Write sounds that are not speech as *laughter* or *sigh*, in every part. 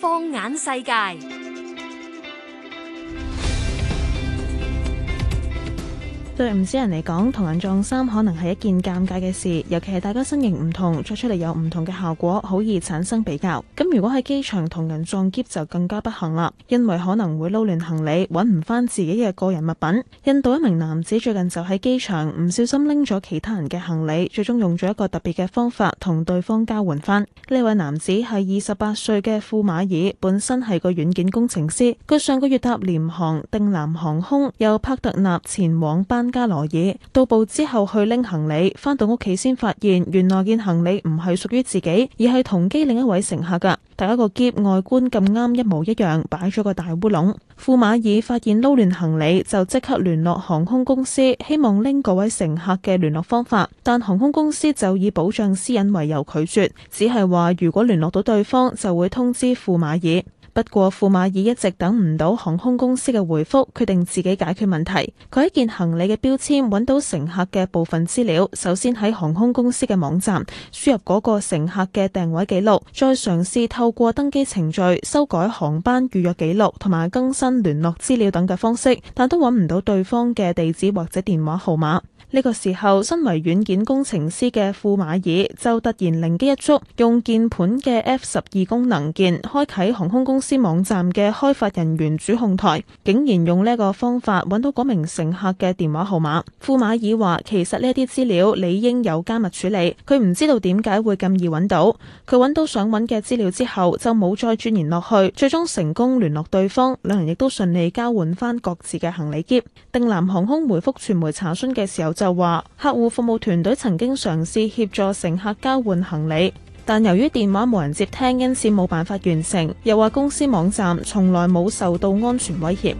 放眼世界。對唔少人嚟講，同人撞衫可能係一件尷尬嘅事，尤其係大家身形唔同，着出嚟有唔同嘅效果，好易產生比較。咁如果喺機場同人撞喼就更加不幸啦，因為可能會撈亂行李，揾唔翻自己嘅個人物品。印度一名男子最近就喺機場唔小心拎咗其他人嘅行李，最終用咗一個特別嘅方法同對方交換翻。呢位男子係二十八歲嘅庫馬爾，本身係個軟件工程師。佢上個月搭廉航定南航空由帕特納前往班加羅爾到埗之後去拎行李，返到屋企先發現原來件行李唔係屬於自己，而係同機另一位乘客㗎。大家個劫外觀咁啱一模一樣，擺咗個大烏龍。富馬爾發現撈亂行李，就即刻聯絡航空公司，希望拎嗰位乘客嘅聯絡方法，但航空公司就以保障私隱為由拒絕，只係話如果聯絡到對方，就會通知富馬爾。不過庫馬爾一直等唔到航空公司嘅回覆決定自己解決問題。佢喺件行李嘅標籤揾到乘客嘅部分資料，首先喺航空公司嘅網站輸入嗰個乘客嘅訂位記錄，再嘗試透過登機程序修改航班預約記錄同埋更新聯絡資料等嘅方式，但都揾唔到對方嘅地址或者電話號碼。呢個時候，身為軟件工程師嘅庫馬爾就突然靈機一觸，用鍵盤嘅 F 十二功能鍵開啟航空公司。司網站嘅開發人員主控台竟然用呢個方法揾到嗰名乘客嘅電話號碼。富馬爾話：其實呢一啲資料理應有加密處理，佢唔知道點解會咁易揾到。佢揾到想揾嘅資料之後，就冇再鑽研落去，最終成功聯絡對方，兩人亦都順利交換翻各自嘅行李箧。定南航空回覆傳媒查詢嘅時候就話：客戶服務團隊曾經嘗試協助乘客交換行李。但由於電話無人接聽，因此冇辦法完成。又話公司網站從來冇受到安全威脅。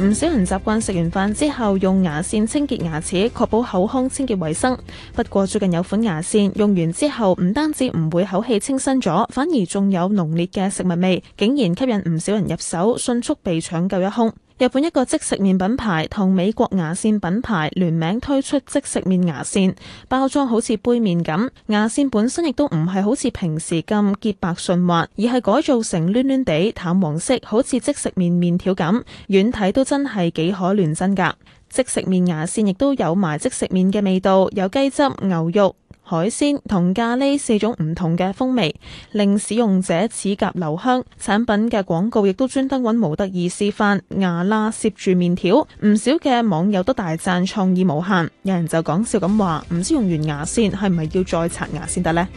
唔 *noise* 少人習慣食完飯之後用牙線清潔牙齒，確保口腔清潔衛生。不過最近有款牙線用完之後，唔單止唔會口氣清新咗，反而仲有濃烈嘅食物味，竟然吸引唔少人入手，迅速被搶購一空。日本一個即食麵品牌同美國牙線品牌聯名推出即食麵牙線，包裝好似杯麵咁，牙線本身亦都唔係好似平時咁潔白順滑，而係改造成攣攣地淡黃色，好似即食麵麵條咁，遠睇都真係幾可亂真㗎。即食麵牙線亦都有埋即食麵嘅味道，有雞汁、牛肉、海鮮同咖喱四種唔同嘅風味，令使用者齒頰留香。產品嘅廣告亦都專登揾模特兒示範牙罅攝住麵條，唔少嘅網友都大讚創意無限。有人就講笑咁話，唔知用完牙線係咪要再刷牙先得呢？」